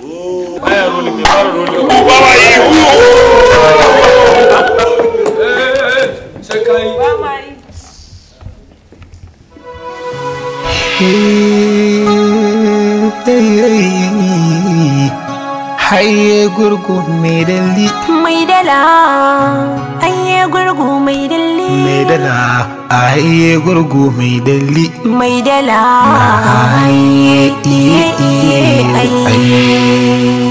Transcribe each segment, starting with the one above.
Haye gurgu mai dalli. Mai dala, haye gurgu mai dalli. Mai dala. aye gurgu mai dalli mai dala aye iye iye aye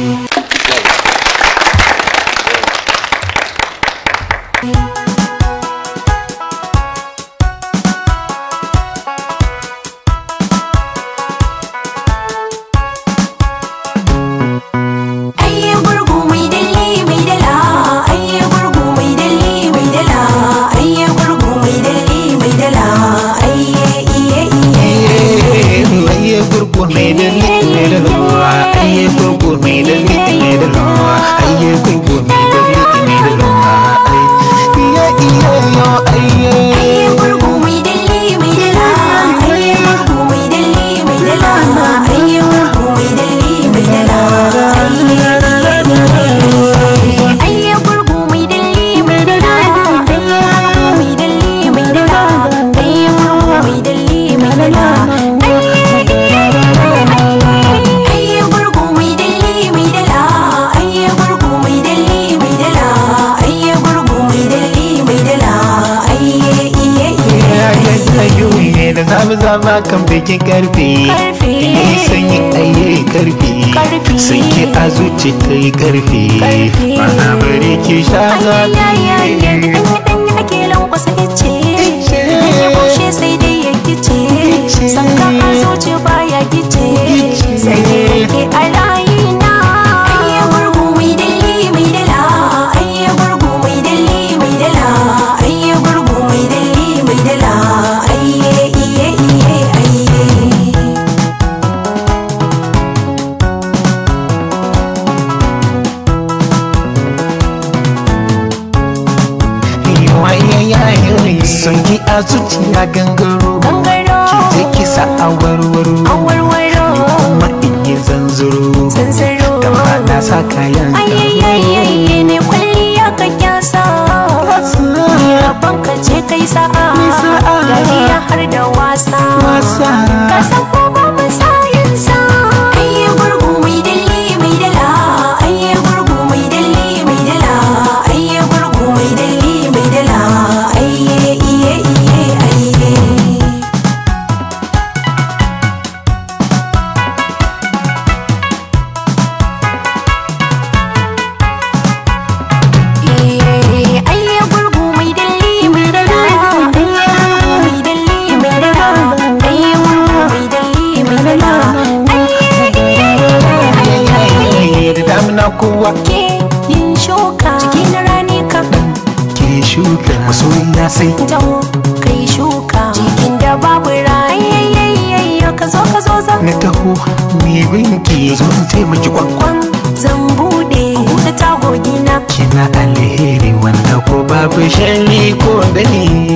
Thank you. dama kan bege karfi sanyi aye karfi sanki a zuci ta yi karfi mana bari ki sha zafi sai dai ya gice sanka a zuci baya gice ga zuciya gangaro ki je kisa a warwaro ni kuma in yi zanzuro gaba na sa kayan ayyayyayye ne kwalliya ka kyasa ka kai sa'a har da wasa Kuwa ke yin shuka ciki na rani ka ke shuka masoyiya sai dawo kai shuka cikin da babu rayayayayya ka zo ka zo zan na taho ni binki zo in taimaki kwankwan zan bude tagogi na kina alheri wanda ko babu shalli ko dani